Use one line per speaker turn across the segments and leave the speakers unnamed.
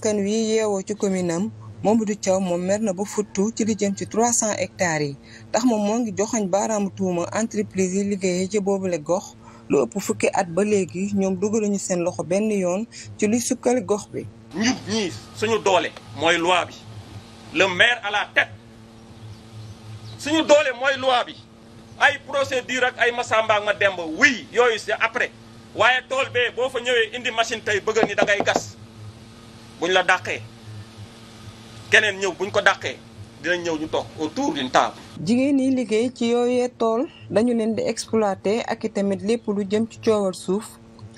askan wi yeewoo ci commune am Mamadou Thiaw moom mer na ba futtu ci li jëm ci 300 hectares yi ndax moom moo ngi joxoñ baaraamu tuuma entreprise yi liggéeyee ci boobule gox lu at ba léegi ñoom dugaluñu seen loxo benn yoon ci luy sukkali gox bi.
suñu doole mooy loi bi le maire à suñu doole mooy loi bi ay procédure ak ay masamba ak ma demb wuy yooyu c'est après waaye tool bee boo fa ñëwee indi machine tey bëgg ni da ngay gas. buñ la dàqee keneen ñëw buñ ko dàqee dinañ ñëw ñu toog autour d'une table.
jigéen yi liggéey ci yooyee tool dañu leen di exploité ak i tamit lépp lu jëm ci coowal suuf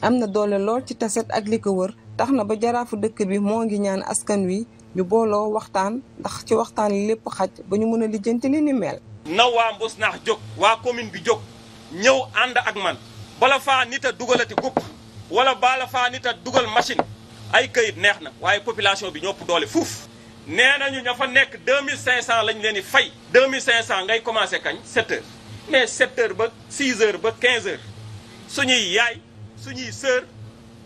am na doole lool ci taset ak li ko wër tax na ba jaraafu dëkk bi moo ngi ñaan askan wi ñu booloo waxtaan ndax ci waxtaan li lépp xaj ba ñu mën a lijjanti li ni mel.
na waa Mbos naax jóg waa commune bi jóg ñëw ànd ak man bala faa nit a dugalati gupp wala bala faa nit a dugal machine. ay kayit neex na waaye population bi ñopp doole fuuf nee nañu ña fa nekk 2500 lañ leen di fay 2500 ngay commencé kañ 7 heures mais 7 ba 6 heures ba 15 heures suñuy yaay suñuy sœur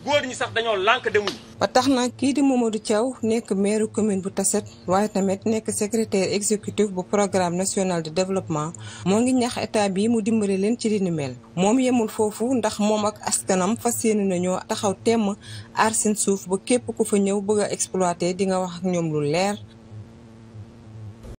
góor ñi sax dañoo lànk demuñu
ba tax na kii di du Thiaw nekk maire commune bu taset waaye tamit nekk secrétaire exécutif bu programme national de développement moo ngi ñax état bi mu dimbali leen ci li ni mel moom yemul foofu ndax moom ak askanam fas yéene nañoo taxaw temm aar seen suuf ba képp ku fa ñëw bëgg a exploité di nga wax ak ñoom lu leer